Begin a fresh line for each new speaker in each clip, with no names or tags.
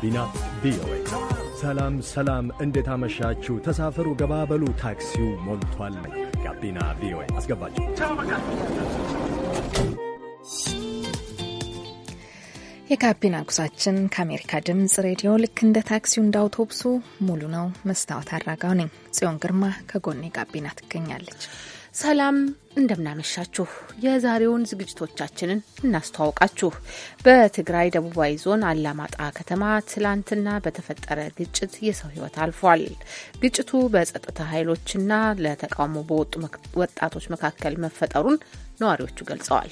ጋቢና ቪኦኤ። ሰላም ሰላም፣ እንዴት አመሻችሁ? ተሳፈሩ፣ ገባበሉ፣ ታክሲው ሞልቷል። ጋቢና ቪኦኤ አስገባችሁ።
የጋቢና ጉዟችን ከአሜሪካ ድምፅ ሬዲዮ ልክ እንደ ታክሲው እንደ አውቶቡሱ ሙሉ ነው። መስታወት አድራጋው ነኝ ጽዮን ግርማ ከጎኔ ጋቢና ትገኛለች። ሰላም እንደምናመሻችሁ።
የዛሬውን ዝግጅቶቻችንን እናስተዋውቃችሁ። በትግራይ ደቡባዊ ዞን አላማጣ ከተማ ትላንትና በተፈጠረ ግጭት የሰው ሕይወት አልፏል። ግጭቱ በጸጥታ ኃይሎችና ለተቃውሞ በወጡ ወጣቶች መካከል መፈጠሩን
ነዋሪዎቹ ገልጸዋል።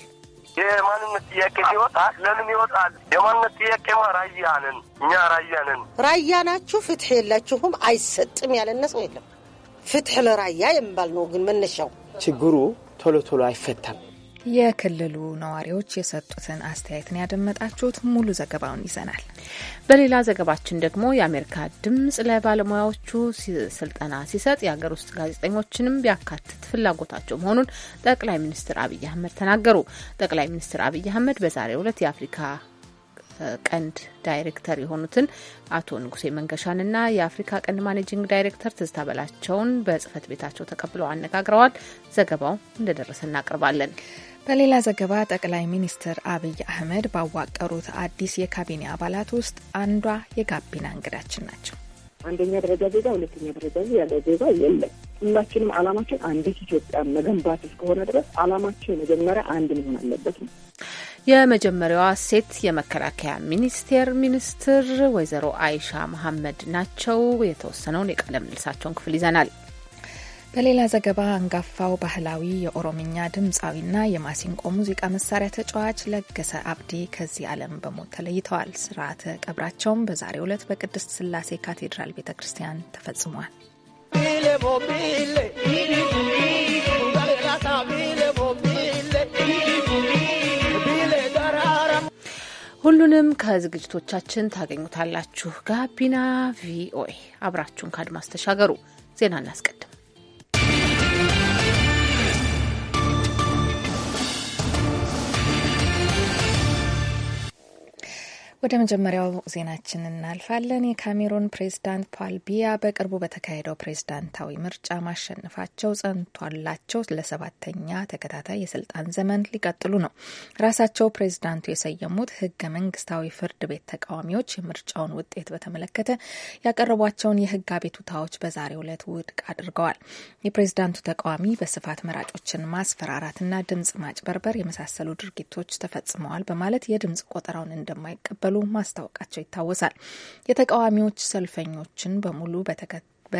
የማንነት ጥያቄ ሲወጣ ለምን ይወጣል? የማንነት ጥያቄማ
ራያ ነን እኛ ራያ ነን። ራያ ናችሁ፣ ፍትሕ የላችሁም፣ አይሰጥም ያለነ ሰው የለም። ፍትሕ ለራያ የሚባል ነው ግን መነሻው
ችግሩ ቶሎ ቶሎ አይፈታም።
የክልሉ ነዋሪዎች የሰጡትን አስተያየትን ያደመጣችሁት። ሙሉ ዘገባውን ይዘናል። በሌላ ዘገባችን ደግሞ የአሜሪካ ድምጽ ለባለሙያዎቹ
ስልጠና ሲሰጥ የሀገር ውስጥ ጋዜጠኞችንም ቢያካትት ፍላጎታቸው መሆኑን ጠቅላይ ሚኒስትር አብይ አህመድ ተናገሩ። ጠቅላይ ሚኒስትር አብይ አህመድ በዛሬው ዕለት የአፍሪካ ቀንድ ዳይሬክተር የሆኑትን አቶ ንጉሴ መንገሻንና የአፍሪካ ቀንድ ማኔጂንግ ዳይሬክተር ትዝታ
በላቸውን በጽህፈት ቤታቸው ተቀብለው አነጋግረዋል። ዘገባው እንደደረሰ እናቀርባለን። በሌላ ዘገባ ጠቅላይ ሚኒስትር አብይ አህመድ ባዋቀሩት አዲስ የካቢኔ አባላት ውስጥ አንዷ የጋቢና እንግዳችን ናቸው።
አንደኛ ደረጃ ዜጋ፣ ሁለተኛ ደረጃ ያለ ዜጋ የለም። ሁላችንም አላማችን አንዲት ኢትዮጵያ መገንባት እስከሆነ ድረስ አላማችን መጀመሪያ አንድ መሆን አለበት ነው።
የመጀመሪያዋ ሴት የመከላከያ ሚኒስቴር ሚኒስትር ወይዘሮ አይሻ መሐመድ ናቸው። የተወሰነውን የቃለ ምልልሳቸውን ክፍል ይዘናል።
በሌላ ዘገባ አንጋፋው ባህላዊ የኦሮምኛ ድምፃዊና የማሲንቆ ሙዚቃ መሳሪያ ተጫዋች ለገሰ አብዲ ከዚህ ዓለም በሞት ተለይተዋል። ስርዓተ ቀብራቸውም በዛሬው ዕለት በቅድስት ስላሴ ካቴድራል ቤተ ክርስቲያን ተፈጽሟል።
ሁሉንም ከዝግጅቶቻችን ታገኙታላችሁ። ጋቢና ቪኦኤ አብራችሁን ከአድማስ ተሻገሩ። ዜና እናስቀድም።
ወደ መጀመሪያው ዜናችን እናልፋለን። የካሜሩን ፕሬዚዳንት ፓል ቢያ በቅርቡ በተካሄደው ፕሬዝዳንታዊ ምርጫ ማሸነፋቸው ጸንቷላቸው ለሰባተኛ ተከታታይ የስልጣን ዘመን ሊቀጥሉ ነው። ራሳቸው ፕሬዝዳንቱ የሰየሙት ህገ መንግስታዊ ፍርድ ቤት ተቃዋሚዎች የምርጫውን ውጤት በተመለከተ ያቀረቧቸውን የህግ አቤቱታዎች በዛሬው ዕለት ውድቅ አድርገዋል። የፕሬዝዳንቱ ተቃዋሚ በስፋት መራጮችን ማስፈራራትና ድምጽ ማጭበርበር የመሳሰሉ ድርጊቶች ተፈጽመዋል በማለት የድምጽ ቆጠራውን እንደማይቀበሉ እንደቀጠሉ ማስታወቃቸው ይታወሳል። የተቃዋሚዎች ሰልፈኞችን በሙሉ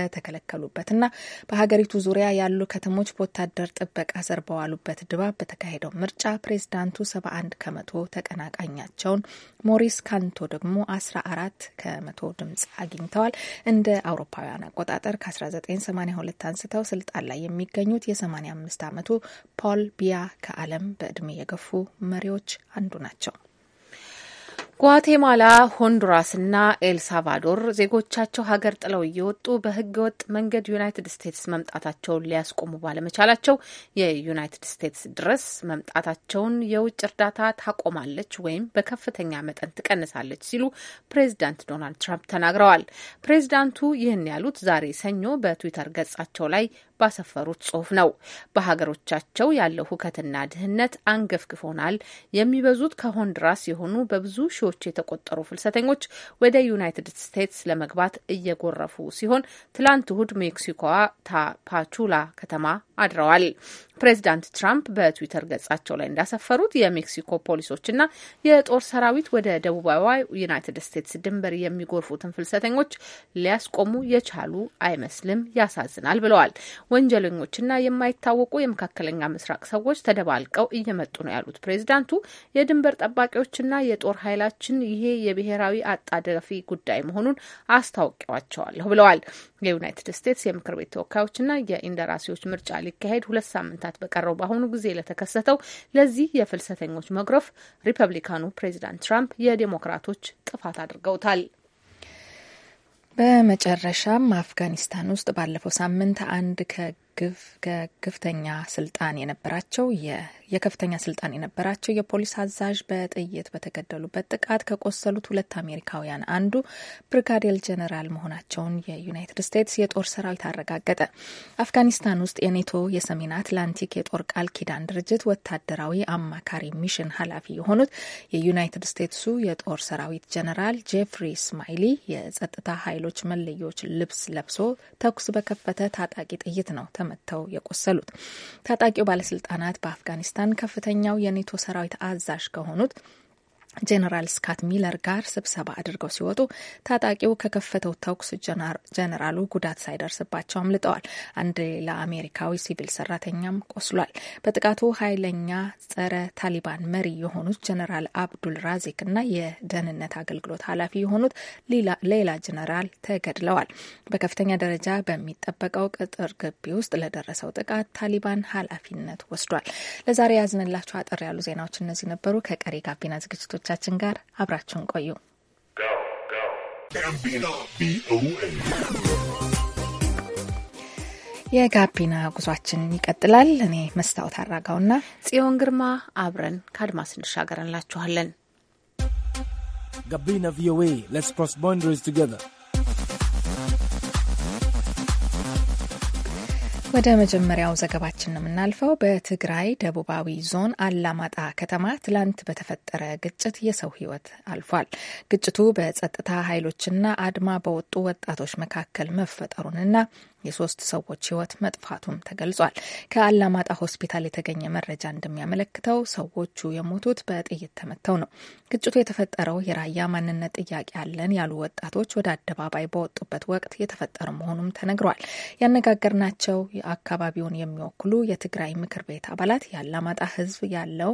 በተከለከሉበትና በሀገሪቱ ዙሪያ ያሉ ከተሞች በወታደር ጥበቃ ስር በዋሉበት ድባብ በተካሄደው ምርጫ ፕሬዚዳንቱ 71 ከመቶ ተቀናቃኛቸውን ሞሪስ ካንቶ ደግሞ 14 ከመቶ ድምጽ አግኝተዋል። እንደ አውሮፓውያን አቆጣጠር ከ1982 አንስተው ስልጣን ላይ የሚገኙት የ85 ዓመቱ ፖል ቢያ ከዓለም በዕድሜ የገፉ መሪዎች አንዱ ናቸው።
ጓቴማላ፣ ና ኤልሳልቫዶር ዜጎቻቸው ሀገር ጥለው እየወጡ በህገወጥ መንገድ ዩናይትድ ስቴትስ መምጣታቸውን ሊያስቆሙ ባለመቻላቸው የዩናይትድ ስቴትስ ድረስ መምጣታቸውን የውጭ እርዳታ ታቆማለች ወይም በከፍተኛ መጠን ትቀንሳለች ሲሉ ፕሬዚዳንት ዶናልድ ትራምፕ ተናግረዋል። ፕሬዚዳንቱ ይህን ያሉት ዛሬ ሰኞ በትዊተር ገጻቸው ላይ ባሰፈሩት ጽሁፍ ነው። በሀገሮቻቸው ያለው ሁከትና ድህነት አንገፍግፎናል። የሚበዙት ከሆንድራስ የሆኑ በብዙ ሺዎች የተቆጠሩ ፍልሰተኞች ወደ ዩናይትድ ስቴትስ ለመግባት እየጎረፉ ሲሆን ትላንት እሁድ ሜክሲኮዋ ታፓቹላ ከተማ አድረዋል። ፕሬዚዳንት ትራምፕ በትዊተር ገጻቸው ላይ እንዳሰፈሩት የሜክሲኮ ፖሊሶችና የጦር ሰራዊት ወደ ደቡባዊ ዩናይትድ ስቴትስ ድንበር የሚጎርፉትን ፍልሰተኞች ሊያስቆሙ የቻሉ አይመስልም፣ ያሳዝናል ብለዋል። ወንጀለኞችና የማይታወቁ የመካከለኛ ምስራቅ ሰዎች ተደባልቀው እየመጡ ነው ያሉት ፕሬዚዳንቱ የድንበር ጠባቂዎችና የጦር ኃይላችን ይሄ የብሔራዊ አጣዳፊ ጉዳይ መሆኑን አስታውቂዋቸዋለሁ ብለዋል። የዩናይትድ ስቴትስ የምክር ቤት ተወካዮችና የኢንደራሲዎች ምርጫ ሊካሄድ ሁለት ሳምንታት ወራት በቀረው በአሁኑ ጊዜ ለተከሰተው ለዚህ የፍልሰተኞች መጉረፍ ሪፐብሊካኑ ፕሬዚዳንት ትራምፕ የዴሞክራቶች ጥፋት አድርገውታል።
በመጨረሻም አፍጋኒስታን ውስጥ ባለፈው ሳምንት አንድ ከ ከከፍተኛ ስልጣን የነበራቸው የከፍተኛ ስልጣን የነበራቸው የፖሊስ አዛዥ በጥይት በተገደሉበት ጥቃት ከቆሰሉት ሁለት አሜሪካውያን አንዱ ብርጋዴር ጀነራል መሆናቸውን የዩናይትድ ስቴትስ የጦር ሰራዊት አረጋገጠ። አፍጋኒስታን ውስጥ የኔቶ የሰሜን አትላንቲክ የጦር ቃል ኪዳን ድርጅት ወታደራዊ አማካሪ ሚሽን ኃላፊ የሆኑት የዩናይትድ ስቴትሱ የጦር ሰራዊት ጀነራል ጄፍሪ ስማይሊ የጸጥታ ኃይሎች መለዮች ልብስ ለብሶ ተኩስ በከፈተ ታጣቂ ጥይት ነው ተመተው የቆሰሉት። ታጣቂው ባለስልጣናት በአፍጋኒስታን ከፍተኛው የኔቶ ሰራዊት አዛዥ ከሆኑት ጀነራል ስካት ሚለር ጋር ስብሰባ አድርገው ሲወጡ ታጣቂው ከከፈተው ተኩስ ጀነራሉ ጉዳት ሳይደርስባቸው አምልጠዋል። አንድ ሌላ አሜሪካዊ ሲቪል ሰራተኛም ቆስሏል። በጥቃቱ ኃይለኛ ጸረ ታሊባን መሪ የሆኑት ጀነራል አብዱል ራዚክ እና የደህንነት አገልግሎት ኃላፊ የሆኑት ሌላ ጀነራል ተገድለዋል። በከፍተኛ ደረጃ በሚጠበቀው ቅጥር ግቢ ውስጥ ለደረሰው ጥቃት ታሊባን ኃላፊነት ወስዷል። ለዛሬ ያዝንላቸው አጠር ያሉ ዜናዎች እነዚህ ነበሩ። ከቀሪ ጋቢና ዝግጅቶች ዝግጅቶቻችን ጋር አብራችሁን ቆዩ። የጋቢና ጉዟችን ይቀጥላል። እኔ መስታወት አራጋውና
ጽዮን ግርማ አብረን ከአድማስ እንሻገር እንላችኋለን። ጋቢና
ቪኦኤ ስ ፕሮስ ቦንደሪስ ቱገር ወደ መጀመሪያው ዘገባችን ነው የምናልፈው። በትግራይ ደቡባዊ ዞን አላማጣ ከተማ ትላንት በተፈጠረ ግጭት የሰው ሕይወት አልፏል። ግጭቱ በጸጥታ ኃይሎችና አድማ በወጡ ወጣቶች መካከል መፈጠሩንና የሶስት ሰዎች ሕይወት መጥፋቱም ተገልጿል። ከአላማጣ ሆስፒታል የተገኘ መረጃ እንደሚያመለክተው ሰዎቹ የሞቱት በጥይት ተመተው ነው። ግጭቱ የተፈጠረው የራያ ማንነት ጥያቄ አለን ያሉ ወጣቶች ወደ አደባባይ በወጡበት ወቅት የተፈጠረ መሆኑም ተነግሯል። ያነጋገርናቸው አካባቢውን የሚወክሉ የትግራይ ምክር ቤት አባላት የአላማጣ ህዝብ ያለው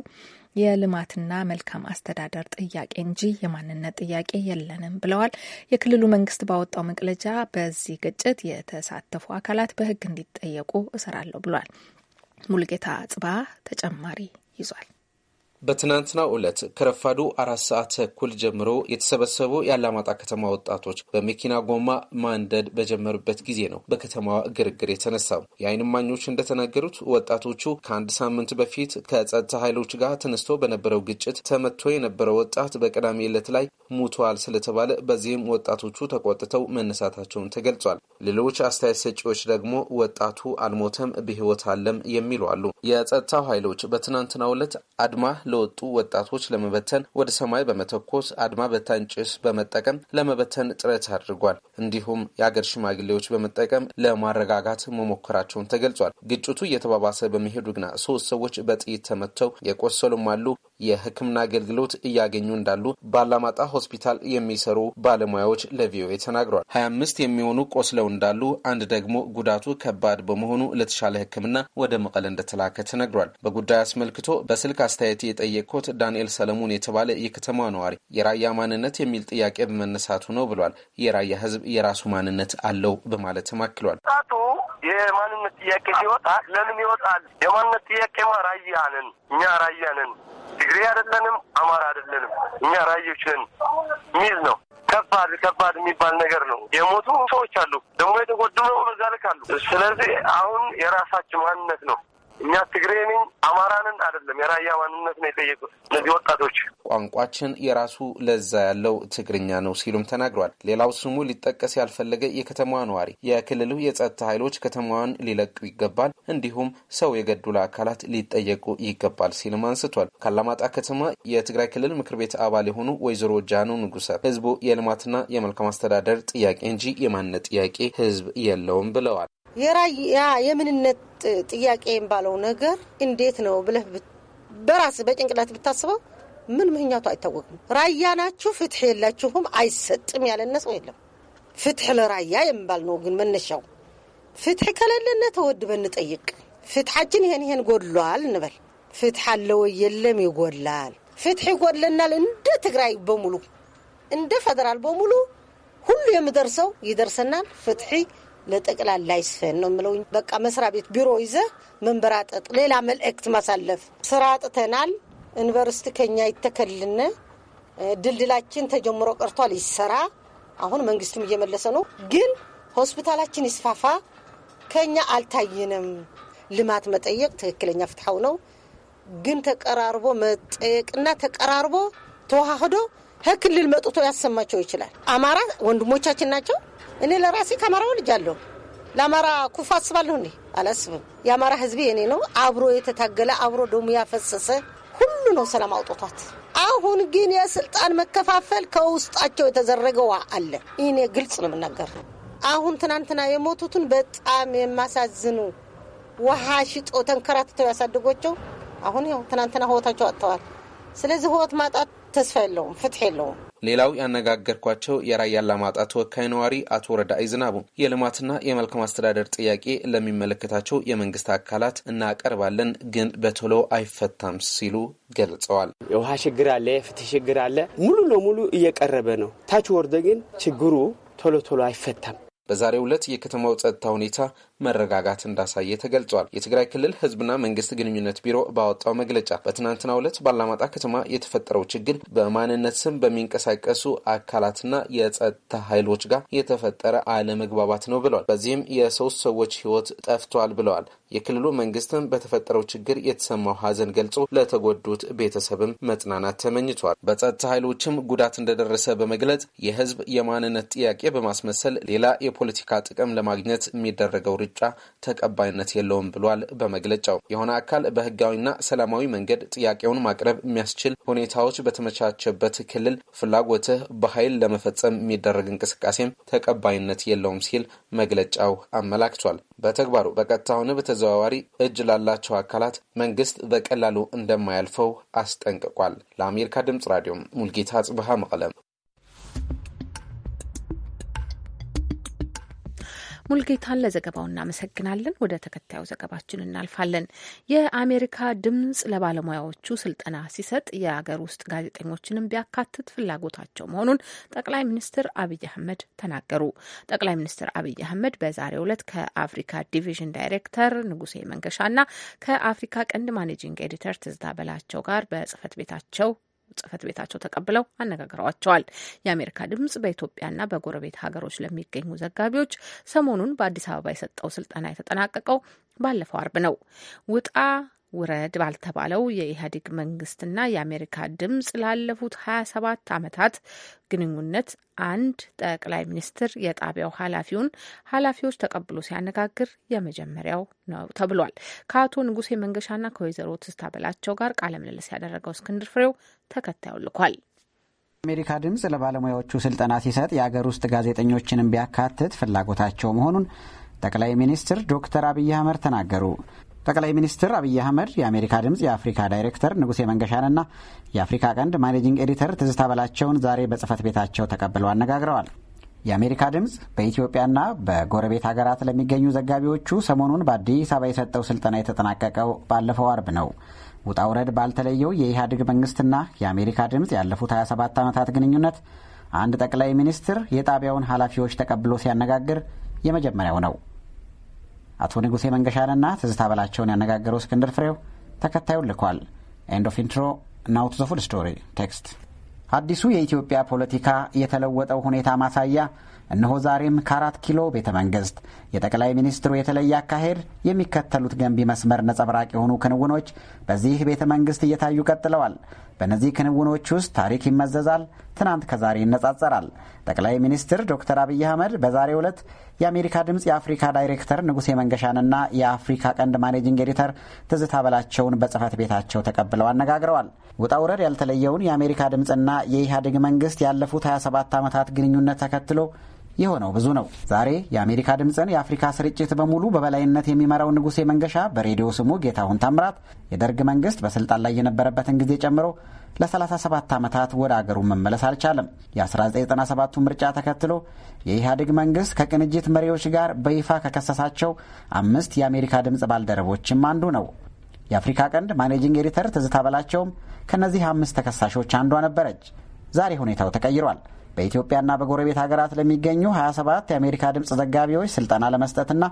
የልማትና መልካም አስተዳደር ጥያቄ እንጂ የማንነት ጥያቄ የለንም ብለዋል። የክልሉ መንግስት ባወጣው መግለጫ በዚህ ግጭት የተሳተፉ አካላት በህግ እንዲጠየቁ እሰራለሁ ብሏል። ሙልጌታ ጽባ ተጨማሪ ይዟል።
በትናንትናው ዕለት ከረፋዱ አራት ሰዓት ተኩል ጀምሮ የተሰበሰቡ የአላማጣ ከተማ ወጣቶች በመኪና ጎማ ማንደድ በጀመሩበት ጊዜ ነው በከተማዋ ግርግር የተነሳው። የዓይን እማኞች እንደተናገሩት ወጣቶቹ ከአንድ ሳምንት በፊት ከጸጥታ ኃይሎች ጋር ተነስቶ በነበረው ግጭት ተመቶ የነበረው ወጣት በቅዳሜ ዕለት ላይ ሙቷል ስለተባለ በዚህም ወጣቶቹ ተቆጥተው መነሳታቸውን ተገልጿል። ሌሎች አስተያየት ሰጪዎች ደግሞ ወጣቱ አልሞተም በሕይወት አለም የሚሉ አሉ። የጸጥታው ኃይሎች በትናንትናው ዕለት አድማ ለወጡ ወጣቶች ለመበተን ወደ ሰማይ በመተኮስ አድማ በታኝ ጭስ በመጠቀም ለመበተን ጥረት አድርጓል። እንዲሁም የአገር ሽማግሌዎች በመጠቀም ለማረጋጋት መሞከራቸውን ተገልጿል። ግጭቱ እየተባባሰ በመሄዱ ግና ሶስት ሰዎች በጥይት ተመተው የቆሰሉም አሉ። የሕክምና አገልግሎት እያገኙ እንዳሉ በአላማጣ ሆስፒታል የሚሰሩ ባለሙያዎች ለቪኦኤ ተናግሯል። ሀያ አምስት የሚሆኑ ቆስለው እንዳሉ፣ አንድ ደግሞ ጉዳቱ ከባድ በመሆኑ ለተሻለ ሕክምና ወደ መቀለ እንደተላከ ተነግሯል። በጉዳዩ አስመልክቶ በስልክ አስተያየት የጠየቅኩት ዳንኤል ሰለሞን የተባለ የከተማ ነዋሪ የራያ ማንነት የሚል ጥያቄ በመነሳቱ ነው ብሏል። የራያ ሕዝብ የራሱ ማንነት አለው በማለትም አክሏል።
የማንነት ጥያቄ ሲወጣ ለምን ይወጣል? የማንነት ጥያቄማ ራያ ነን እኛ ራያ ነን ትግሬ አይደለንም፣ አማራ አይደለንም፣ እኛ ራዮች ነን ነው። ከባድ ከባድ የሚባል ነገር ነው። የሞቱ ሰዎች አሉ፣ ደግሞ የተጎዱ ነው በዛ ልክ አሉ። ስለዚህ አሁን የራሳችን ማንነት ነው እኛ ትግሬ ነኝ አማራንን አይደለም የራያ ማንነት ነው የጠየቁት እነዚህ ወጣቶች።
ቋንቋችን የራሱ ለዛ ያለው ትግርኛ ነው ሲሉም ተናግሯል። ሌላው ስሙ ሊጠቀስ ያልፈለገ የከተማዋ ነዋሪ የክልሉ የጸጥታ ኃይሎች ከተማዋን ሊለቁ ይገባል፣ እንዲሁም ሰው የገደሉ አካላት ሊጠየቁ ይገባል ሲልም አንስቷል። ካላማጣ ከተማ የትግራይ ክልል ምክር ቤት አባል የሆኑ ወይዘሮ ጃኑ ንጉሰ ህዝቡ የልማትና የመልካም አስተዳደር ጥያቄ እንጂ የማንነት ጥያቄ ህዝብ የለውም ብለዋል።
የራያ የምንነት ጥያቄ የምባለው ነገር እንዴት ነው ብለህ በራስ በጭንቅላት ብታስበው ምን ምክንያቱ አይታወቅም። ራያ ናችሁ ፍትሕ የላችሁም አይሰጥም ያለነ ሰው የለም። ፍትሕ ለራያ የሚባል ነው። ግን መነሻው ፍትሕ ከሌለነ ተወድበን እንጠይቅ። ፍትሓችን ይሄን ይሄን ጎድሏል እንበል። ፍትሕ አለወ የለም ይጎላል። ፍትሕ ይጎድለናል። እንደ ትግራይ በሙሉ እንደ ፌደራል በሙሉ ሁሉ የምደርሰው ይደርሰናል። ፍትሒ ለጠቅላላ ይስፈን ነው የምለው። በቃ መስሪያ ቤት ቢሮ ይዘ መንበራጠጥ፣ ሌላ መልእክት ማሳለፍ። ስራ አጥተናል፣ ዩኒቨርስቲ ከኛ ይተከልነ፣ ድልድላችን ተጀምሮ ቀርቷል፣ ይሰራ። አሁን መንግስቱም እየመለሰ ነው፣ ግን ሆስፒታላችን ይስፋፋ፣ ከኛ አልታይንም። ልማት መጠየቅ ትክክለኛ ፍትሐው ነው፣ ግን ተቀራርቦ መጠየቅና ተቀራርቦ ተዋህዶ ክልል መጥቶ ያሰማቸው ይችላል። አማራ ወንድሞቻችን ናቸው እኔ ለራሴ ከአማራው ልጅ አለሁ። ለአማራ ኩፍ አስባለሁ እንዴ? አላስብም። የአማራ ህዝብ የኔ ነው። አብሮ የተታገለ አብሮ ደሙ ያፈሰሰ ሁሉ ነው ሰላም አውጥቷት። አሁን ግን የስልጣን መከፋፈል ከውስጣቸው የተዘረገዋ አለ። እኔ ግልጽ ነው የምናገር። አሁን ትናንትና የሞቱትን በጣም የማሳዝኑ ውሃ ሽጦ ተንከራትተው ያሳድጓቸው አሁን ያው ትናንትና ህይወታቸው አጥተዋል። ስለዚህ ህይወት ማጣት ተስፋ የለውም፣ ፍትሕ የለውም።
ሌላው ያነጋገርኳቸው የራያ አላማጣ ተወካይ ነዋሪ አቶ ረዳኢ ዝናቡ የልማትና የመልካም አስተዳደር ጥያቄ ለሚመለከታቸው የመንግስት አካላት እናቀርባለን፣ ግን በቶሎ አይፈታም ሲሉ ገልጸዋል። የውሃ ችግር አለ፣ የፍትህ ችግር አለ። ሙሉ ለሙሉ እየቀረበ ነው። ታች ወርደ ግን ችግሩ ቶሎ ቶሎ አይፈታም። በዛሬው ዕለት የከተማው ጸጥታ ሁኔታ መረጋጋት እንዳሳየ ተገልጿል። የትግራይ ክልል ህዝብና መንግስት ግንኙነት ቢሮ ባወጣው መግለጫ በትናንትናው ዕለት ባላማጣ ከተማ የተፈጠረው ችግር በማንነት ስም በሚንቀሳቀሱ አካላትና የጸጥታ ኃይሎች ጋር የተፈጠረ አለመግባባት ነው ብለዋል። በዚህም የሶስት ሰዎች ህይወት ጠፍቷል ብለዋል። የክልሉ መንግስትም በተፈጠረው ችግር የተሰማው ሀዘን ገልጾ ለተጎዱት ቤተሰብም መጽናናት ተመኝቷል። በጸጥታ ኃይሎችም ጉዳት እንደደረሰ በመግለጽ የህዝብ የማንነት ጥያቄ በማስመሰል ሌላ የፖለቲካ ጥቅም ለማግኘት የሚደረገው ምርጫ ተቀባይነት የለውም ብሏል። በመግለጫው የሆነ አካል በህጋዊና ሰላማዊ መንገድ ጥያቄውን ማቅረብ የሚያስችል ሁኔታዎች በተመቻቸበት ክልል ፍላጎትህ በኃይል ለመፈጸም የሚደረግ እንቅስቃሴም ተቀባይነት የለውም ሲል መግለጫው አመላክቷል። በተግባሩ በቀጥታ ሆነ በተዘዋዋሪ እጅ ላላቸው አካላት መንግስት በቀላሉ እንደማያልፈው አስጠንቅቋል። ለአሜሪካ ድምጽ ራዲዮ ሙልጌታ ጽብሃ መቀለም
ሙልጌታን ለዘገባው እናመሰግናለን። ወደ ተከታዩ ዘገባችን እናልፋለን። የአሜሪካ ድምጽ ለባለሙያዎቹ ስልጠና ሲሰጥ የአገር ውስጥ ጋዜጠኞችንም ቢያካትት ፍላጎታቸው መሆኑን ጠቅላይ ሚኒስትር አብይ አህመድ ተናገሩ። ጠቅላይ ሚኒስትር አብይ አህመድ በዛሬው ዕለት ከአፍሪካ ዲቪዥን ዳይሬክተር ንጉሴ መንገሻና ከአፍሪካ ቀንድ ማኔጂንግ ኤዲተር ትዝታ በላቸው ጋር በጽህፈት ቤታቸው ጽህፈት ቤታቸው ተቀብለው አነጋግረዋቸዋል። የአሜሪካ ድምጽ በኢትዮጵያና በጎረቤት ሀገሮች ለሚገኙ ዘጋቢዎች ሰሞኑን በአዲስ አበባ የሰጠው ስልጠና የተጠናቀቀው ባለፈው አርብ ነው። ውጣ ውረድ ባልተባለው የኢህአዴግ መንግስትና የአሜሪካ ድምፅ ላለፉት 27 ዓመታት ግንኙነት አንድ ጠቅላይ ሚኒስትር የጣቢያው ኃላፊውን ኃላፊዎች ተቀብሎ ሲያነጋግር የመጀመሪያው ነው ተብሏል። ከአቶ ንጉሴ መንገሻና ከወይዘሮ ትስታ በላቸው ጋር ቃለ ምልልስ ያደረገው እስክንድር ፍሬው
ተከታዩ ልኳል። አሜሪካ ድምፅ ለባለሙያዎቹ ስልጠና ሲሰጥ የአገር ውስጥ ጋዜጠኞችንም ቢያካትት ፍላጎታቸው መሆኑን ጠቅላይ ሚኒስትር ዶክተር አብይ አህመድ ተናገሩ። ጠቅላይ ሚኒስትር አብይ አህመድ የአሜሪካ ድምፅ የአፍሪካ ዳይሬክተር ንጉሴ መንገሻንና የአፍሪካ ቀንድ ማኔጂንግ ኤዲተር ትዝታ በላቸውን ዛሬ በጽህፈት ቤታቸው ተቀብለው አነጋግረዋል። የአሜሪካ ድምፅ በኢትዮጵያና በጎረቤት ሀገራት ለሚገኙ ዘጋቢዎቹ ሰሞኑን በአዲስ አበባ የሰጠው ስልጠና የተጠናቀቀው ባለፈው አርብ ነው። ውጣ ውረድ ባልተለየው የኢህአዴግ መንግስትና የአሜሪካ ድምፅ ያለፉት 27 ዓመታት ግንኙነት አንድ ጠቅላይ ሚኒስትር የጣቢያውን ኃላፊዎች ተቀብሎ ሲያነጋግር የመጀመሪያው ነው። አቶ ንጉሴ መንገሻንና ትዝታ በላቸውን ያነጋገረው እስክንድር ፍሬው ተከታዩን ልኳል። ኤንድ ኦፍ ኢንትሮ ዘ ፉል ስቶሪ ቴክስት። አዲሱ የኢትዮጵያ ፖለቲካ የተለወጠው ሁኔታ ማሳያ እነሆ ዛሬም ከአራት ኪሎ ቤተ መንግስት የጠቅላይ ሚኒስትሩ የተለየ አካሄድ የሚከተሉት ገንቢ መስመር ነጸብራቅ የሆኑ ክንውኖች በዚህ ቤተ መንግስት እየታዩ ቀጥለዋል። በእነዚህ ክንውኖች ውስጥ ታሪክ ይመዘዛል፣ ትናንት ከዛሬ ይነጻጸራል። ጠቅላይ ሚኒስትር ዶክተር አብይ አህመድ በዛሬው ዕለት የአሜሪካ ድምፅ የአፍሪካ ዳይሬክተር ንጉሴ መንገሻንና የአፍሪካ ቀንድ ማኔጂንግ ኤዲተር ትዝታ በላቸውን በጽህፈት ቤታቸው ተቀብለው አነጋግረዋል። ውጣ ውረድ ያልተለየውን የአሜሪካ ድምፅና የኢህአዴግ መንግስት ያለፉት 27 ዓመታት ግንኙነት ተከትሎ የሆነው ብዙ ነው። ዛሬ የአሜሪካ ድምፅን የአፍሪካ ስርጭት በሙሉ በበላይነት የሚመራው ንጉሴ መንገሻ በሬዲዮ ስሙ ጌታሁን ታምራት የደርግ መንግስት በስልጣን ላይ የነበረበትን ጊዜ ጨምሮ ለ37 ዓመታት ወደ አገሩ መመለስ አልቻለም። የ1997ቱ ምርጫ ተከትሎ የኢህአዴግ መንግስት ከቅንጅት መሪዎች ጋር በይፋ ከከሰሳቸው አምስት የአሜሪካ ድምፅ ባልደረቦችም አንዱ ነው። የአፍሪካ ቀንድ ማኔጂንግ ኤዲተር ትዝታ በላቸውም ከእነዚህ አምስት ተከሳሾች አንዷ ነበረች። ዛሬ ሁኔታው ተቀይሯል። በኢትዮጵያና በጎረቤት ሀገራት ለሚገኙ 27 የአሜሪካ ድምፅ ዘጋቢዎች ስልጠና ለመስጠትና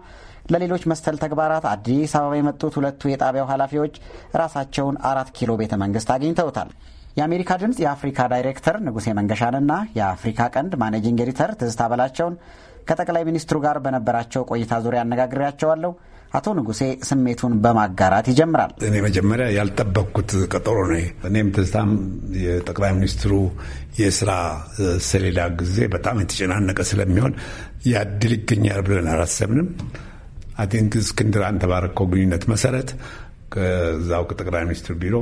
ለሌሎች መሰል ተግባራት አዲስ አበባ የመጡት ሁለቱ የጣቢያው ኃላፊዎች ራሳቸውን አራት ኪሎ ቤተ መንግስት አግኝተውታል። የአሜሪካ ድምፅ የአፍሪካ ዳይሬክተር ንጉሴ መንገሻንና የአፍሪካ ቀንድ ማኔጂንግ ኤዲተር ትዝታ በላቸውን ከጠቅላይ ሚኒስትሩ ጋር በነበራቸው ቆይታ ዙሪያ አነጋግሬያቸዋለሁ። አቶ ንጉሴ ስሜቱን በማጋራት ይጀምራል።
እኔ መጀመሪያ ያልጠበቅኩት ቀጠሮ ነው። እኔም ትዝታም የጠቅላይ ሚኒስትሩ የስራ ሰሌዳ ጊዜ በጣም የተጨናነቀ ስለሚሆን ያድል ይገኛል ብለን አላሰብንም። አይ ቲንክ እስክንድር አንተ ባረከው ግንኙነት መሰረት ከዛው ከጠቅላይ ሚኒስትር ቢሮ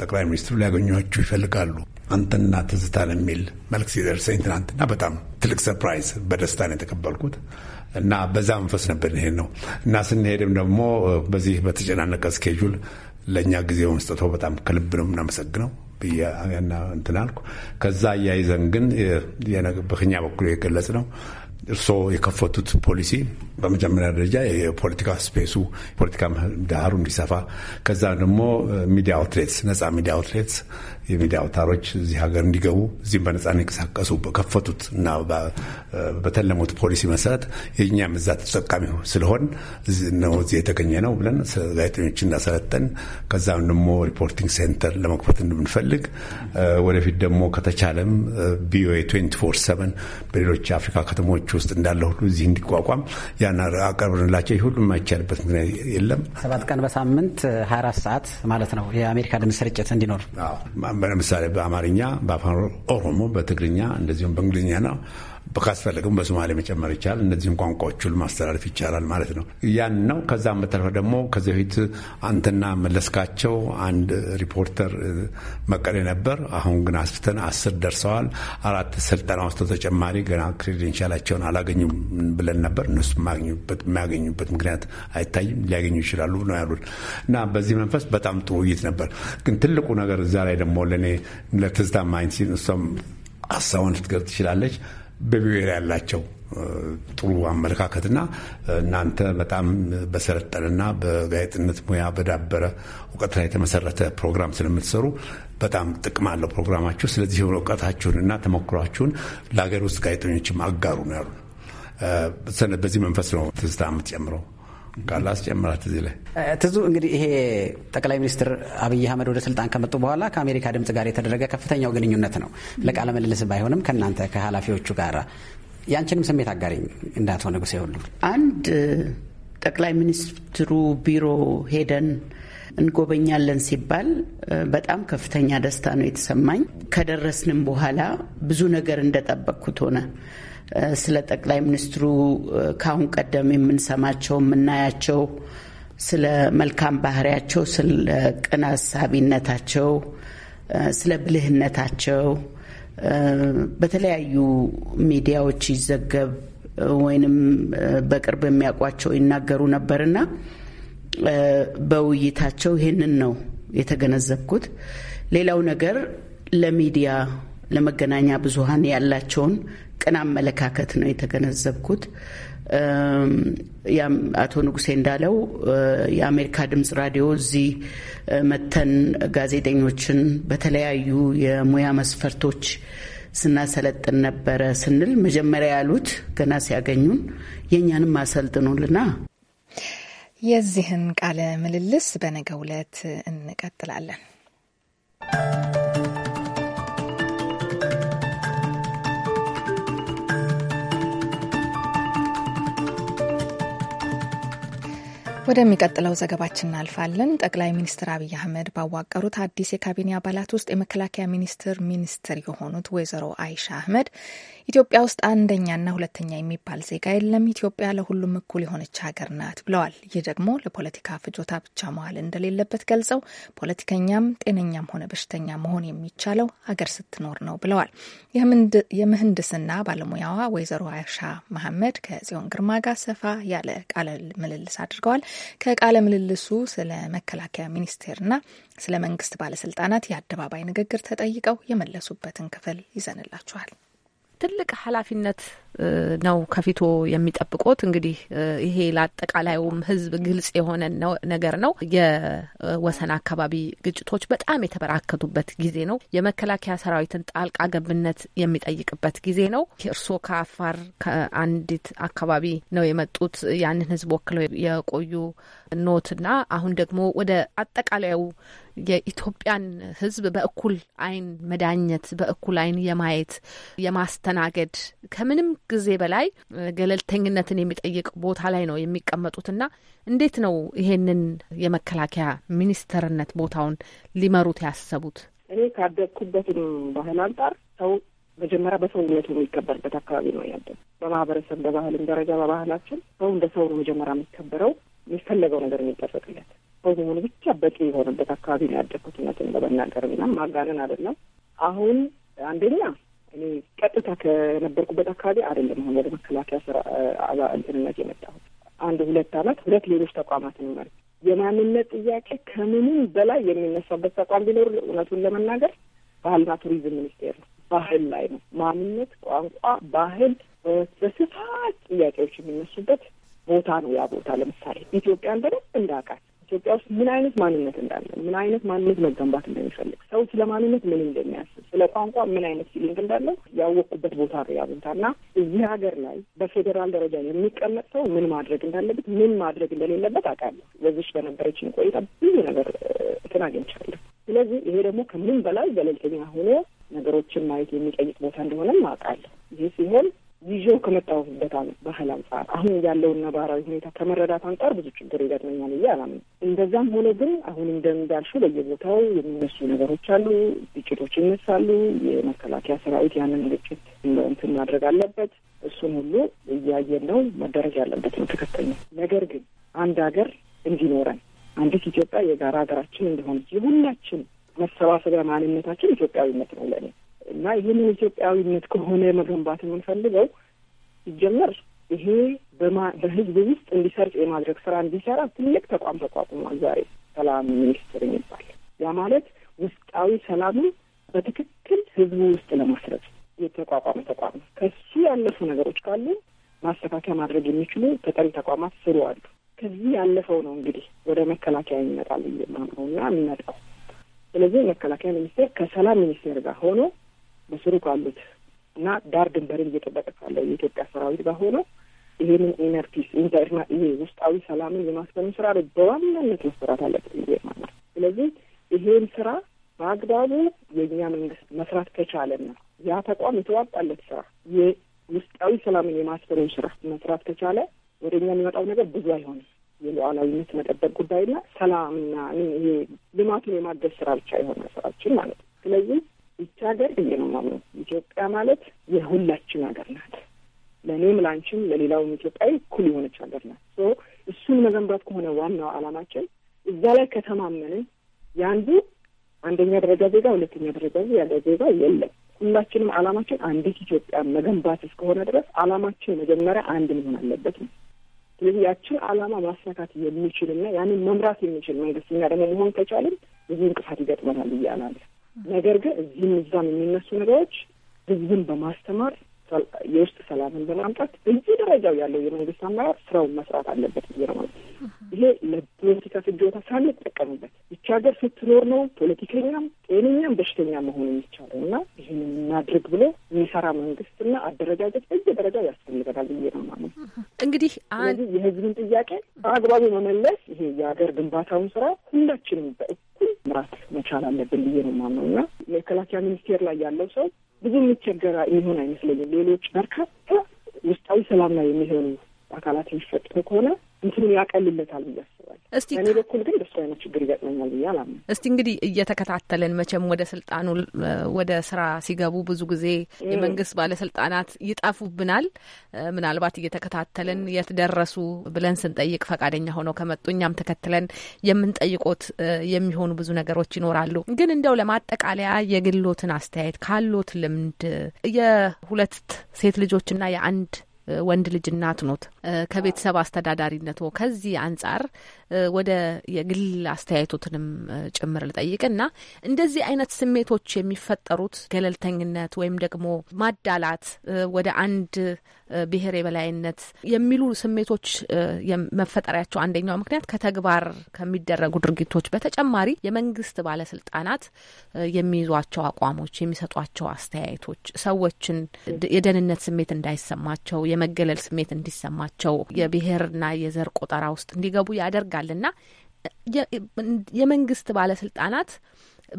ጠቅላይ ሚኒስትሩ ሊያገኟችሁ ይፈልጋሉ አንተና ትዝታን የሚል መልክ ሲደርሰኝ ትናንትና በጣም ትልቅ ሰርፕራይዝ በደስታ ነው የተቀበልኩት። እና በዛ መንፈስ ነበር ይሄን ነው እና ስንሄድም ደግሞ በዚህ በተጨናነቀ ስኬጁል ለእኛ ጊዜ መስጠቶ በጣም ከልብ ነው የምናመሰግነው ብያና እንትን አልኩ። ከዛ እያይዘን ግን በኛ በኩል የገለጽ ነው እርስዎ የከፈቱት ፖሊሲ በመጀመሪያ ደረጃ የፖለቲካ ስፔሱ ፖለቲካ ምህዳሩ እንዲሰፋ ከዛ ደግሞ ሚዲያ አውትሌትስ ነፃ ሚዲያ አውትሌትስ የሚዲያ አውታሮች እዚህ ሀገር እንዲገቡ እዚህም በነጻ እንዲንቀሳቀሱ በከፈቱት እና በተለሙት ፖሊሲ መሰረት የእኛም እዛ ተጠቃሚ ስለሆን ነው እዚህ የተገኘ ነው ብለን ጋዜጠኞች እንዳሰለጠን ከዛም ደግሞ ሪፖርቲንግ ሴንተር ለመክፈት እንደምንፈልግ ወደፊት ደግሞ ከተቻለም ቪኦኤ 24 በሌሎች የአፍሪካ ከተሞች ውስጥ እንዳለ ሁሉ እዚህ እንዲቋቋም ያን አቀርብንላቸው። ይህ ሁሉ የማይቻልበት ምክንያት የለም።
ሰባት ቀን በሳምንት 24 ሰዓት ማለት ነው የአሜሪካ ድምፅ ስርጭት እንዲኖር
ለምሳሌ በአማርኛ፣ በአፋን ኦሮሞ፣ በትግርኛ እንደዚሁም ነው ካስፈለግም በሶማሌ መጨመር ይቻላል። እነዚህም ቋንቋዎች ሁሉ ማስተላለፍ ይቻላል ማለት ነው። ያን ነው። ከዛም በተረፈ ደግሞ ከዚህ በፊት አንተና መለስካቸው አንድ ሪፖርተር መቀሌ ነበር። አሁን ግን አስፍተን አስር ደርሰዋል። አራት ስልጠና ውስጥ ተጨማሪ ገና ክሬደንሻላቸውን አላገኙም ብለን ነበር። እነሱ የሚያገኙበት ምክንያት አይታይም። ሊያገኙ ይችላሉ ነው ያሉት እና በዚህ መንፈስ በጣም ጥሩ ውይይት ነበር። ግን ትልቁ ነገር እዛ ላይ ደግሞ ለእኔ ለትዝታ ማይንሲን እሷም ሀሳቧን ልትገልጽ ትችላለች በብሔር ያላቸው ጥሩ አመለካከትና እናንተ በጣም በሰለጠነና በጋዜጥነት ሙያ በዳበረ እውቀት ላይ የተመሰረተ ፕሮግራም ስለምትሰሩ በጣም ጥቅም አለው ፕሮግራማችሁ። ስለዚህ እውቀታችሁንና ተሞክሯችሁን ለሀገር ውስጥ ጋዜጠኞችም አጋሩ ነው ያሉ። በዚህ መንፈስ ነው ትዝታ የምትጨምረው። ካለ አስጨምራት እዚህ ላይ
ትዙ እንግዲህ ይሄ ጠቅላይ ሚኒስትር አብይ አህመድ ወደ ስልጣን ከመጡ በኋላ ከአሜሪካ ድምጽ ጋር የተደረገ ከፍተኛው ግንኙነት ነው። ለቃለ ምልልስ ባይሆንም ከእናንተ ከኃላፊዎቹ ጋር ያንቺንም ስሜት አጋሪኝ እንዳትሆነ ንጉሴ ሁሉ
አንድ ጠቅላይ ሚኒስትሩ ቢሮ ሄደን እንጎበኛለን ሲባል በጣም ከፍተኛ ደስታ ነው የተሰማኝ። ከደረስንም በኋላ ብዙ ነገር እንደጠበቅኩት ሆነ። ስለ ጠቅላይ ሚኒስትሩ ከአሁን ቀደም የምንሰማቸው የምናያቸው ስለ መልካም ባህሪያቸው፣ ስለ ቅን ሀሳቢነታቸው፣ ስለ ብልህነታቸው በተለያዩ ሚዲያዎች ይዘገብ ወይንም በቅርብ የሚያውቋቸው ይናገሩ ነበርና በውይይታቸው ይህንን ነው የተገነዘብኩት። ሌላው ነገር ለሚዲያ ለመገናኛ ብዙኃን ያላቸውን ቅን አመለካከት ነው የተገነዘብኩት። አቶ ንጉሴ እንዳለው የአሜሪካ ድምፅ ራዲዮ እዚህ መተን ጋዜጠኞችን በተለያዩ የሙያ መስፈርቶች ስናሰለጥን ነበረ ስንል መጀመሪያ ያሉት ገና ሲያገኙን የእኛንም አሰልጥኑልና
የዚህን ቃለ ምልልስ በነገው ዕለት እንቀጥላለን። ወደሚቀጥለው ዘገባችን እናልፋለን። ጠቅላይ ሚኒስትር አብይ አህመድ ባዋቀሩት አዲስ የካቢኔ አባላት ውስጥ የመከላከያ ሚኒስትር ሚኒስትር የሆኑት ወይዘሮ አይሻ አህመድ ኢትዮጵያ ውስጥ አንደኛና ሁለተኛ የሚባል ዜጋ የለም፣ ኢትዮጵያ ለሁሉም እኩል የሆነች ሀገር ናት ብለዋል። ይህ ደግሞ ለፖለቲካ ፍጆታ ብቻ መዋል እንደሌለበት ገልጸው ፖለቲከኛም ጤነኛም ሆነ በሽተኛ መሆን የሚቻለው ሀገር ስትኖር ነው ብለዋል። የምህንድስና ባለሙያዋ ወይዘሮ አይሻ መሐመድ ከጽዮን ግርማ ጋር ሰፋ ያለ ቃለ ምልልስ አድርገዋል። ከቃለ ምልልሱ ስለ መከላከያ ሚኒስቴርና ስለ መንግስት ባለስልጣናት የአደባባይ ንግግር ተጠይቀው የመለሱበትን ክፍል ይዘንላችኋል።
ትልቅ ኃላፊነት ነው ከፊቶ የሚጠብቁት። እንግዲህ ይሄ ለአጠቃላዩም ህዝብ ግልጽ የሆነ ነገር ነው። የወሰን አካባቢ ግጭቶች በጣም የተበራከቱበት ጊዜ ነው። የመከላከያ ሰራዊትን ጣልቃ ገብነት የሚጠይቅበት ጊዜ ነው። እርስዎ ከአፋር ከአንዲት አካባቢ ነው የመጡት። ያንን ህዝብ ወክለው የቆዩ ኖትና አሁን ደግሞ ወደ አጠቃላዩ የኢትዮጵያን ህዝብ በእኩል አይን መዳኘት፣ በእኩል አይን የማየት የማስተናገድ ከምንም ጊዜ በላይ ገለልተኝነትን የሚጠይቅ ቦታ ላይ ነው የሚቀመጡትና እንዴት ነው ይሄንን የመከላከያ ሚኒስተርነት ቦታውን ሊመሩት ያሰቡት?
እኔ ካደግኩበትም ባህል አንጻር ሰው መጀመሪያ በሰውነቱ የሚከበርበት አካባቢ ነው ያለ። በማህበረሰብ በባህልም ደረጃ በባህላችን ሰው እንደ ሰው ነው መጀመሪያ የሚከበረው፣ የሚፈለገው ነገር የሚጠበቅለት ሰው መሆኑ ብቻ በቂ የሆነበት አካባቢ ነው ያደግኩት። እውነትን ለመናገር ምናምን ማጋነን አይደለም። አሁን አንደኛ እኔ ቀጥታ ከነበርኩበት አካባቢ አይደለም። አሁን ወደ መከላከያ ስራ እንትንነት የመጣሁት አንድ ሁለት አመት ሁለት ሌሎች ተቋማትን ማለት የማንነት ጥያቄ ከምንም በላይ የሚነሳበት ተቋም ቢኖር እውነቱን ለመናገር ባህልና ቱሪዝም ሚኒስቴር ነው። ባህል ላይ ነው ማንነት፣ ቋንቋ፣ ባህል በስፋት ጥያቄዎች የሚነሱበት ቦታ ነው። ያ ቦታ ለምሳሌ ኢትዮጵያን በደንብ እንዳውቃት ኢትዮጵያ ውስጥ ምን አይነት ማንነት እንዳለን፣ ምን አይነት ማንነት መገንባት እንደሚፈልግ፣ ሰው ስለ ማንነት ምን እንደሚያስብ፣ ስለ ቋንቋ ምን አይነት ፊሊንግ እንዳለው ያወቅኩበት ቦታ ነው ያሉታ እና እዚህ ሀገር ላይ በፌዴራል ደረጃ የሚቀመጥ ሰው ምን ማድረግ እንዳለበት፣ ምን ማድረግ እንደሌለበት አውቃለሁ። በዚች በነበረችን ቆይታ ብዙ ነገር እንትን አግኝቻለሁ። ስለዚህ ይሄ ደግሞ ከምንም በላይ ገለልተኛ ሆኖ ነገሮችን ማየት የሚጠይቅ ቦታ እንደሆነም አውቃለሁ። ይህ ሲሆን ይዤው ከመጣሁበት ባህል አንጻር አሁን ያለውን ነባራዊ ሁኔታ ከመረዳት አንጻር ብዙ ችግር ይገጥመኛል ብዬ አላምን። እንደዛም ሆኖ ግን አሁን እንደንዳልሹ በየቦታው የሚነሱ ነገሮች አሉ፣ ግጭቶች ይነሳሉ። የመከላከያ ሰራዊት ያንን ግጭት እንትን ማድረግ አለበት። እሱን ሁሉ እያየን ነው። መደረግ ያለበት ነው ትክክል ነው። ነገር ግን አንድ ሀገር እንዲኖረን አንዲት ኢትዮጵያ የጋራ ሀገራችን እንደሆነች የሁላችን መሰባሰቢያ ማንነታችን ኢትዮጵያዊነት ነው ለእኔ እና ይህንን ኢትዮጵያዊነት ከሆነ መገንባት የምንፈልገው ሲጀመር ይሄ በህዝብ ውስጥ እንዲሰርጭ የማድረግ ስራ እንዲሰራ ትልቅ ተቋም ተቋቁሟል። ዛሬ ሰላም ሚኒስቴር የሚባል ያ ማለት ውስጣዊ ሰላምን በትክክል ህዝቡ ውስጥ ለማስረጽ የተቋቋመ ተቋም ነው። ከሱ ያለፉ ነገሮች ካሉ ማስተካከያ ማድረግ የሚችሉ ተጠሪ ተቋማት ስሩ አሉ። ከዚህ ያለፈው ነው እንግዲህ ወደ መከላከያ ይመጣል ብዬ እና የሚመጣው። ስለዚህ መከላከያ ሚኒስቴር ከሰላም ሚኒስቴር ጋር ሆኖ በስሩ ካሉት እና ዳር ድንበርን እየጠበቀ ካለው የኢትዮጵያ ሰራዊት ጋር ሆኖ ይሄንን ኢነር ኢንተርና ይሄ ውስጣዊ ሰላምን የማስፈን ስራ ላይ በዋናነት መሰራት አለበት ብዬ ማለት። ስለዚህ ይሄን ስራ በአግባቡ የእኛ መንግስት መስራት ከቻለና ያ ተቋም የተዋጣለት ስራ የውስጣዊ ሰላምን የማስፈኑ ስራ መስራት ከቻለ ወደ እኛ የሚመጣው ነገር ብዙ አይሆንም። የሉዓላዊነት መጠበቅ ጉዳይና ሰላምና ይሄ ልማቱን የማገዝ ስራ ብቻ የሆነ ስራችን ማለት ነው። ስለዚህ ይቺ ሀገር ብዬ ነው የማምነው። ኢትዮጵያ ማለት የሁላችን ሀገር ናት። ለእኔም ለአንቺም ለሌላውም ኢትዮጵያዊ እኩል የሆነች ሀገር ናት። እሱን መገንባት ከሆነ ዋናው አላማችን እዛ ላይ ከተማመንን የአንዱ አንደኛ ደረጃ ዜጋ ሁለተኛ ደረጃ ያለ ዜጋ የለም። ሁላችንም አላማችን አንዲት ኢትዮጵያ መገንባት እስከሆነ ድረስ አላማችን መጀመሪያ አንድ መሆን አለበት ነው። ስለዚህ ያችን አላማ ማሳካት የሚችልና ያንን መምራት የሚችል መንግስት እኛ ደግሞ መሆን ከቻልን ብዙ እንቅፋት ይገጥመናል እያላለ ነገር ግን እዚህም እዛም የሚነሱ ነገሮች ህዝብን በማስተማር የውስጥ ሰላምን በማምጣት በየደረጃው ያለው የመንግስት አመራር ስራውን መስራት አለበት ብዬ ነው ማለት። ይሄ ለፖለቲካ ፍጆታ ሳንጠቀምበት ይቺ ሀገር ስትኖር ነው ፖለቲከኛም ጤነኛም በሽተኛ መሆን የሚቻለው እና ይህን እናድርግ ብሎ የሚሰራ መንግስትና አደረጃጀት በየደረጃው ያስፈልገናል ብዬ ነው ማለት።
እንግዲህ ስለዚህ
የህዝብን ጥያቄ በአግባቡ መመለስ ይሄ የሀገር ግንባታውን ስራ ሁላችንም በእኩል ምራት መቻል አለብን ብዬ ነው ማምነው እና መከላከያ ሚኒስቴር ላይ ያለው ሰው ብዙ የሚቸገር የሚሆን አይመስለኝም። ሌሎች በርካታ ውስጣዊ ሰላም ላይ የሚሆኑ አካላት የሚፈጥሩ ከሆነ እንትኑን ያቀልለታል ብያስብ
እስቲ እኔ በኩል ግን በሱ አይነት ችግር ይገጥመኛል ብዬ አላምንም። እስቲ እንግዲህ እየተከታተልን መቼም ወደ ስልጣኑ ወደ ስራ ሲገቡ ብዙ ጊዜ የመንግስት ባለስልጣናት ይጠፉብናል። ምናልባት እየተከታተልን የት ደረሱ ብለን ስንጠይቅ ፈቃደኛ ሆነው ከመጡ እኛም ተከትለን የምንጠይቆት የሚሆኑ ብዙ ነገሮች ይኖራሉ። ግን እንደው ለማጠቃለያ የግሎትን አስተያየት ካሎት ልምድ የሁለት ሴት ልጆችና የአንድ ወንድ ልጅ እናት ኖት ከቤተሰብ አስተዳዳሪነቶ ከዚህ አንጻር ወደ የግል አስተያየቶትንም ጭምር ልጠይቅ እና እንደዚህ አይነት ስሜቶች የሚፈጠሩት ገለልተኝነት ወይም ደግሞ ማዳላት ወደ አንድ ብሔር የበላይነት የሚሉ ስሜቶች መፈጠሪያቸው አንደኛው ምክንያት ከተግባር ከሚደረጉ ድርጊቶች በተጨማሪ የመንግስት ባለስልጣናት የሚይዟቸው አቋሞች፣ የሚሰጧቸው አስተያየቶች ሰዎችን የደህንነት ስሜት እንዳይሰማቸው፣ የመገለል ስሜት እንዲሰማቸው፣ የብሔርና የዘር ቆጠራ ውስጥ እንዲገቡ ያደርጋል። ይሆናልና የመንግስት ባለስልጣናት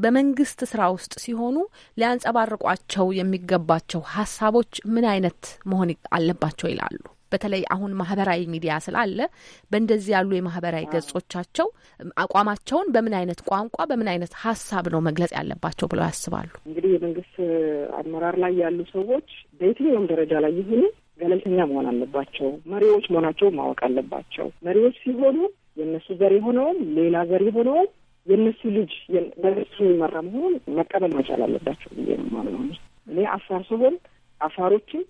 በመንግስት ስራ ውስጥ ሲሆኑ ሊያንጸባርቋቸው የሚገባቸው ሀሳቦች ምን አይነት መሆን አለባቸው ይላሉ። በተለይ አሁን ማህበራዊ ሚዲያ ስላለ በእንደዚህ ያሉ የማህበራዊ ገጾቻቸው አቋማቸውን በምን አይነት ቋንቋ፣ በምን አይነት ሀሳብ ነው መግለጽ ያለባቸው ብለው ያስባሉ?
እንግዲህ የመንግስት አመራር ላይ ያሉ ሰዎች በየትኛውም ደረጃ ላይ ይሁኑ ገለልተኛ መሆን አለባቸው። መሪዎች መሆናቸው ማወቅ አለባቸው። መሪዎች ሲሆኑ የእነሱ ዘር የሆነውም ሌላ ዘር የሆነውም የእነሱ ልጅ በእነሱ የሚመራ መሆኑን መቀበል መቻል አለባቸው ብዬ ነው ማለት ነው። እኔ አፋር ስሆን አፋሮችም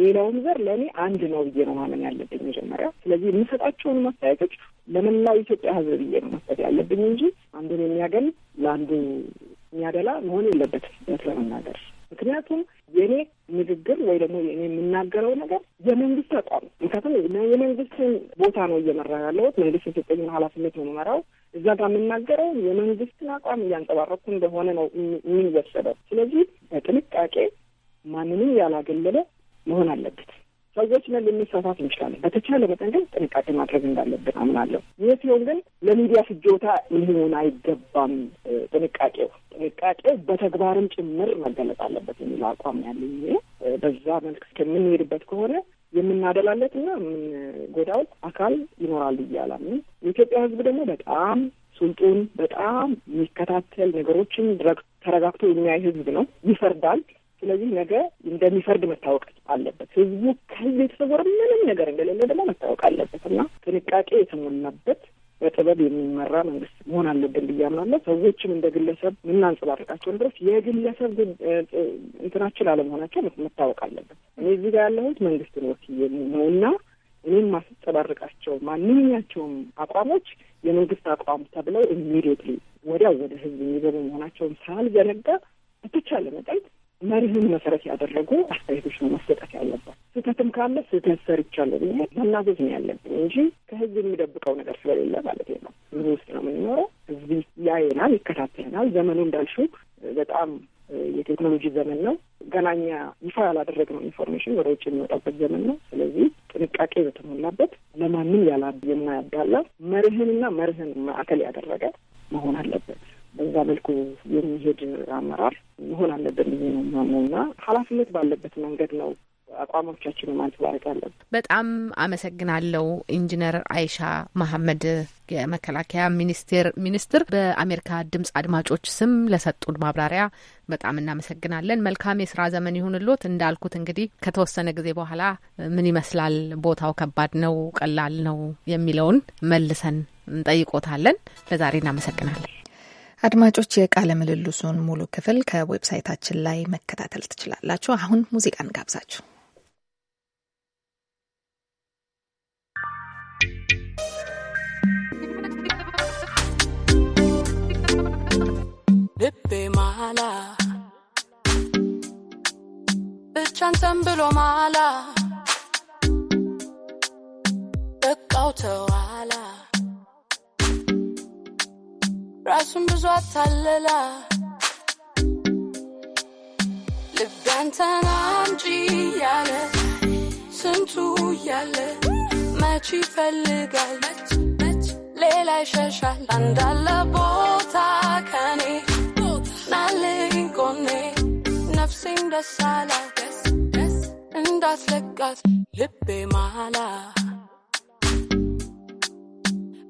ሌላውም ዘር ለእኔ አንድ ነው ብዬ ነው ማመን ያለብኝ መጀመሪያ። ስለዚህ የምሰጣቸውን ማስተያየቶች ለመላው ኢትዮጵያ ሕዝብ ብዬ ነው መስጠት ያለብኝ እንጂ አንዱን የሚያገል ለአንዱ የሚያደላ መሆን የለበት ለመናገር ምክንያቱም የኔ ንግግር ወይ ደግሞ የኔ የምናገረው ነገር የመንግስት ተቋም ምክንያቱም የመንግስትን ቦታ ነው እየመራ ያለሁት። መንግስት የሰጠኝን ኃላፊነት ነው የምመራው። እዛ ጋር የምናገረው የመንግስትን አቋም እያንጸባረኩ እንደሆነ ነው የሚወሰደው። ስለዚህ በጥንቃቄ ማንንም ያላገለለ መሆን አለበት። ሰዎች ነን ልንሳሳት እንችላለን። በተቻለ መጠን ግን ጥንቃቄ ማድረግ እንዳለብን አምናለሁ። ይህ ሲሆን ግን ለሚዲያ ፍጆታ ሊሆን አይገባም። ጥንቃቄው ጥንቃቄው በተግባርም ጭምር መገለጽ አለበት የሚለው አቋም ያለኝ በዛ መልክ እስከምንሄድበት ከሆነ የምናደላለት እና የምንጎዳው አካል ይኖራል ብዬ የኢትዮጵያ ሕዝብ ደግሞ በጣም ስልጡን፣ በጣም የሚከታተል ነገሮችን ተረጋግቶ የሚያይ ሕዝብ ነው። ይፈርዳል ስለዚህ ነገ እንደሚፈርድ መታወቅ አለበት። ህዝቡ ከህዝብ የተሰወረ ምንም ነገር እንደሌለ ደግሞ መታወቅ አለበት እና ጥንቃቄ የተሞላበት በጥበብ የሚመራ መንግስት መሆን አለብን ብዬ አምናለሁ። ሰዎችም እንደ ግለሰብ የምናንጸባርቃቸውን ድረስ የግለሰብ እንትናችን አለመሆናቸው መታወቅ አለበት። እኔ እዚህ ጋር ያለሁት መንግስትን ወክዬ ነው እና እኔም ማስጸባርቃቸው ማንኛቸውም አቋሞች የመንግስት አቋም ተብለው ኢሚዲየትሊ ወዲያው ወደ ህዝብ የሚገቡ መሆናቸውን ሳልዘነጋ በተቻለ መጠን መሪህን መሰረት ያደረጉ አስተያየቶች ነው መሰጠት ያለባት። ስህተትም ካለ ስህተት ሰርቻለሁ ብዬ መናዘዝ ነው ያለብን እንጂ ከህዝብ የሚደብቀው ነገር ስለሌለ ማለት ነው። ህዝብ ውስጥ ነው የምንኖረው። ህዝብ ያየናል፣ ይከታተለናል። ዘመኑ እንዳልሽው በጣም የቴክኖሎጂ ዘመን ነው። ገናኛ ይፋ ያላደረግነው ኢንፎርሜሽን ወደ ውጭ የሚወጣበት ዘመን ነው። ስለዚህ ጥንቃቄ በተሞላበት ለማንም ያላ የማያዳላ መርህንና መርህን ማዕከል ያደረገ መሆን አለበት። በዛ መልኩ የሚሄድ አመራር መሆን አለብን ብዬ ነው ማምነው እና ኃላፊነት ባለበት መንገድ ነው አቋሞቻችንን ማንጸባረቅ ያለብን።
በጣም አመሰግናለሁ ኢንጂነር አይሻ መሐመድ የመከላከያ ሚኒስቴር ሚኒስትር በአሜሪካ ድምጽ አድማጮች ስም ለሰጡን ማብራሪያ በጣም እናመሰግናለን። መልካም የስራ ዘመን ይሁንሎት። እንዳልኩት እንግዲህ ከተወሰነ ጊዜ በኋላ ምን ይመስላል ቦታው ከባድ ነው ቀላል ነው የሚለውን
መልሰን እንጠይቆታለን። ለዛሬ እናመሰግናለን። አድማጮች የቃለ ምልልሱን ሙሉ ክፍል ከዌብሳይታችን ላይ መከታተል ትችላላችሁ። አሁን ሙዚቃን ጋብዛችሁ
ልቤ ማላ ብሎ ማላ በቃው ተዋላ ራሱን ብዙ አታለላ ልቤንተን አምጪ እያለ ስንቱ እያለ መች ይፈልጋል ሌላ ይሸሻል አንዳለ ቦታ ከኔ ናልኝ ጎኔ ነፍሴን ደስ አላት ልቤ ማላ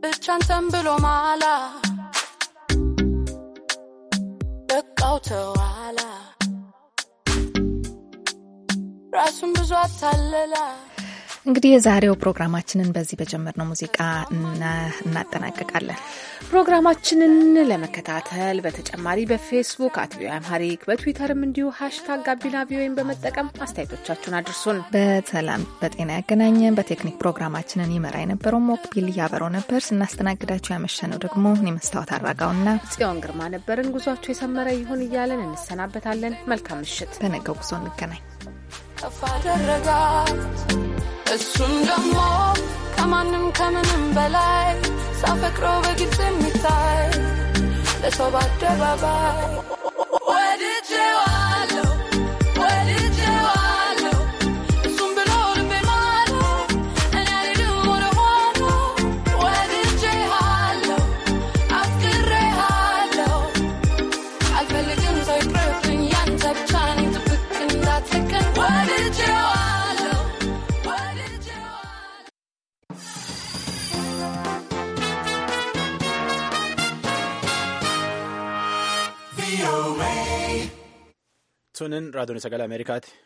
ብቻንተን ብሎ ማላ ከገባው ተዋላ ራሱን
ብዙ አታለላ
እንግዲህ የዛሬው ፕሮግራማችንን በዚህ በጀመርነው ሙዚቃ እናጠናቀቃለን።
ፕሮግራማችንን ለመከታተል በተጨማሪ በፌስቡክ አት ቪኦኤ አምሃሪክ በትዊተርም እንዲሁ ሃሽታግ ጋቢና ቪኦኤን በመጠቀም አስተያየቶቻችሁን
አድርሱን። በሰላም በጤና ያገናኘን። በቴክኒክ ፕሮግራማችንን ይመራ የነበረው ሞክቢል ያበረው ነበር። ስናስተናግዳችሁ ያመሸነው ደግሞ መስታወት አራጋውና
ጽዮን ግርማ ነበርን። ጉዟቸው የሰመረ ይሁን እያለን እንሰናበታለን። መልካም ምሽት።
በነገው ጉዞ እንገናኝ።
እሱን ደግሞ ከማንም ከምንም በላይ ሳፈቅሮ በግልጽ የሚታይ ለሰው በአደባባይ
Sunin raadiyoon sagalee Ameerikaati.